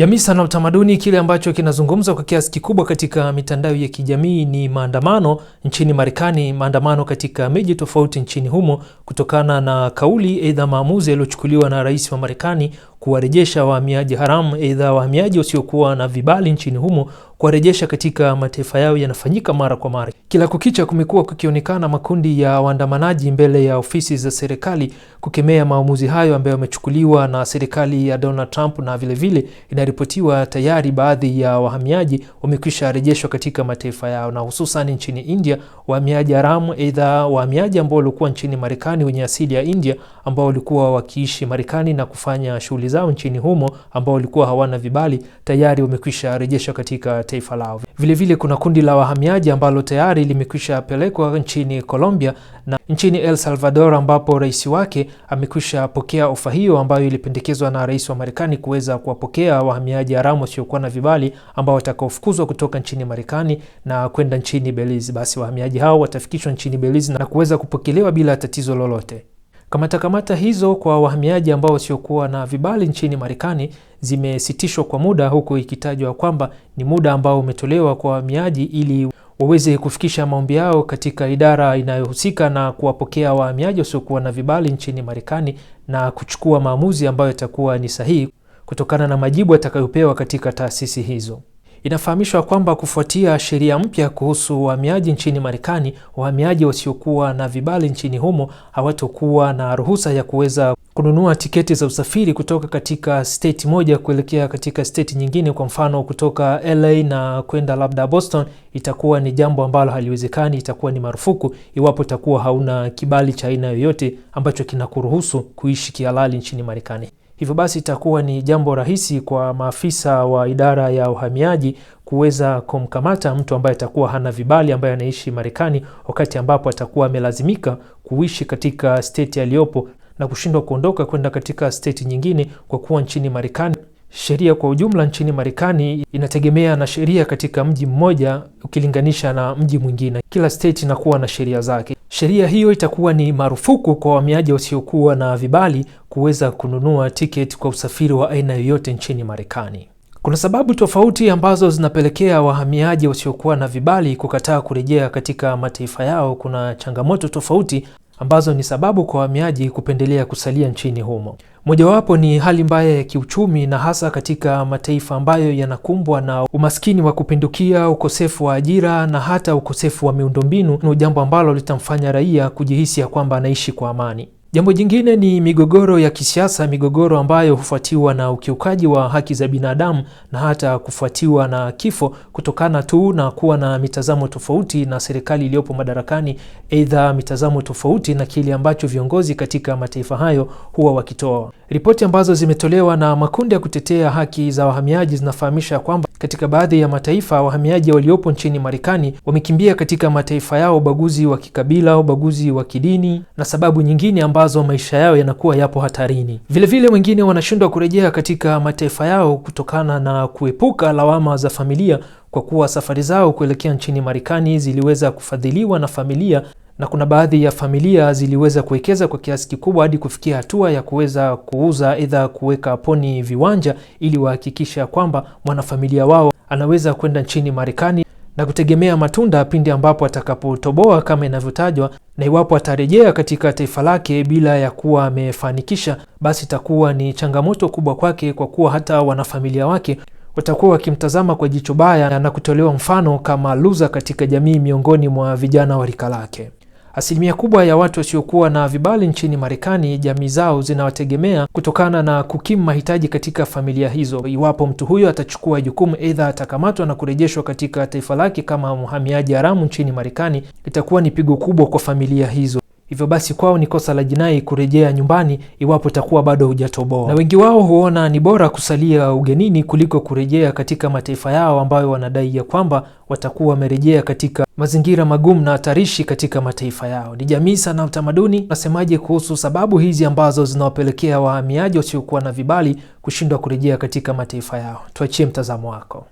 Jamii, sana utamaduni. Kile ambacho kinazungumzwa kwa kiasi kikubwa katika mitandao ya kijamii ni maandamano nchini Marekani, maandamano katika miji tofauti nchini humo kutokana na kauli aidha maamuzi yaliyochukuliwa na rais wa Marekani kuwarejesha wahamiaji haramu aidha wahamiaji wasiokuwa na vibali nchini humo kuwarejesha katika mataifa yao yanafanyika mara kwa mara. Kila kukicha kumekuwa kukionekana makundi ya waandamanaji mbele ya ofisi za serikali kukemea maamuzi hayo ambayo yamechukuliwa na serikali ya Donald Trump, na vilevile inaripotiwa tayari baadhi ya wahamiaji wamekwisha rejeshwa katika mataifa yao, na hususan nchini India wahamiaji haramu, aidha wahamiaji ambao walikuwa nchini Marekani wenye asili ya India ambao walikuwa wakiishi Marekani na kufanya shughuli zao nchini humo, ambao walikuwa hawana vibali, tayari wamekwisha rejeshwa katika taifa lao. Vilevile vile kuna kundi la wahamiaji ambalo tayari limekwisha pelekwa nchini Colombia na nchini El Salvador ambapo rais wake amekwisha pokea ofa hiyo ambayo ilipendekezwa na rais wa Marekani kuweza kuwapokea wahamiaji haramu wasiokuwa na vibali ambao watakaofukuzwa kutoka nchini Marekani na kwenda nchini Belize. Basi wahamiaji hao watafikishwa nchini Belize na kuweza kupokelewa bila tatizo lolote. Kamatakamata -kamata hizo kwa wahamiaji ambao wasiokuwa na vibali nchini Marekani zimesitishwa kwa muda, huku ikitajwa kwamba ni muda ambao umetolewa kwa wahamiaji ili waweze kufikisha maombi yao katika idara inayohusika na kuwapokea wahamiaji wasiokuwa na vibali nchini Marekani na kuchukua maamuzi ambayo yatakuwa ni sahihi kutokana na majibu yatakayopewa katika taasisi hizo. Inafahamishwa kwamba kufuatia sheria mpya kuhusu uhamiaji nchini Marekani, wahamiaji wasiokuwa na vibali nchini humo hawatokuwa na ruhusa ya kuweza kununua tiketi za usafiri kutoka katika state moja kuelekea katika state nyingine. Kwa mfano, kutoka LA na kwenda labda Boston itakuwa ni jambo ambalo haliwezekani, itakuwa ni marufuku iwapo itakuwa hauna kibali cha aina yoyote ambacho kinakuruhusu kuishi kihalali nchini Marekani. Hivyo basi itakuwa ni jambo rahisi kwa maafisa wa idara ya uhamiaji kuweza kumkamata mtu ambaye atakuwa hana vibali, ambaye anaishi Marekani, wakati ambapo atakuwa amelazimika kuishi katika state aliyopo na kushindwa kuondoka kwenda katika state nyingine, kwa kuwa nchini Marekani sheria kwa ujumla nchini Marekani inategemea na sheria katika mji mmoja ukilinganisha na mji mwingine. Kila state inakuwa na sheria zake. Sheria hiyo itakuwa ni marufuku kwa wahamiaji wasiokuwa na vibali kuweza kununua tiketi kwa usafiri wa aina yoyote nchini Marekani. Kuna sababu tofauti ambazo zinapelekea wahamiaji wasiokuwa na vibali kukataa kurejea katika mataifa yao. Kuna changamoto tofauti ambazo ni sababu kwa wahamiaji kupendelea kusalia nchini humo. Mojawapo ni hali mbaya ya kiuchumi na hasa katika mataifa ambayo yanakumbwa na umaskini wa kupindukia, ukosefu wa ajira na hata ukosefu wa miundombinu, ni jambo ambalo litamfanya raia kujihisi ya kwamba anaishi kwa amani. Jambo jingine ni migogoro ya kisiasa, migogoro ambayo hufuatiwa na ukiukaji wa haki za binadamu na hata kufuatiwa na kifo kutokana tu na kuwa na mitazamo tofauti na serikali iliyopo madarakani, aidha mitazamo tofauti na kile ambacho viongozi katika mataifa hayo huwa wakitoa. Ripoti ambazo zimetolewa na makundi ya kutetea haki za wahamiaji zinafahamisha kwamba katika baadhi ya mataifa wahamiaji waliopo nchini Marekani wamekimbia katika mataifa yao ubaguzi wa kikabila, ubaguzi wa kidini na sababu nyingine ambazo ambazo maisha yao yanakuwa yapo hatarini. Vilevile wengine wanashindwa kurejea katika mataifa yao kutokana na kuepuka lawama za familia, kwa kuwa safari zao kuelekea nchini Marekani ziliweza kufadhiliwa na familia na kuna baadhi ya familia ziliweza kuwekeza kwa kiasi kikubwa hadi kufikia hatua ya kuweza kuuza aidha kuweka poni viwanja ili wahakikisha kwamba mwanafamilia wao anaweza kwenda nchini Marekani na kutegemea matunda pindi ambapo atakapotoboa kama inavyotajwa, na iwapo atarejea katika taifa lake bila ya kuwa amefanikisha, basi itakuwa ni changamoto kubwa kwake, kwa kuwa hata wanafamilia wake watakuwa wakimtazama kwa jicho baya na kutolewa mfano kama loser katika jamii miongoni mwa vijana wa rika lake. Asilimia kubwa ya watu wasiokuwa na vibali nchini Marekani, jamii zao zinawategemea kutokana na kukimu mahitaji katika familia hizo. Iwapo mtu huyo atachukua jukumu, aidha atakamatwa na kurejeshwa katika taifa lake kama mhamiaji haramu nchini Marekani, itakuwa ni pigo kubwa kwa familia hizo. Hivyo basi kwao ni kosa la jinai kurejea nyumbani iwapo itakuwa bado hujatoboa, na wengi wao huona ni bora kusalia ugenini kuliko kurejea katika mataifa yao ambayo wanadai ya kwamba watakuwa wamerejea katika mazingira magumu na hatarishi katika mataifa yao. Ni jamii sana utamaduni. Nasemaje kuhusu sababu hizi ambazo zinawapelekea wahamiaji wasiokuwa na vibali kushindwa kurejea katika mataifa yao? Tuachie mtazamo wako.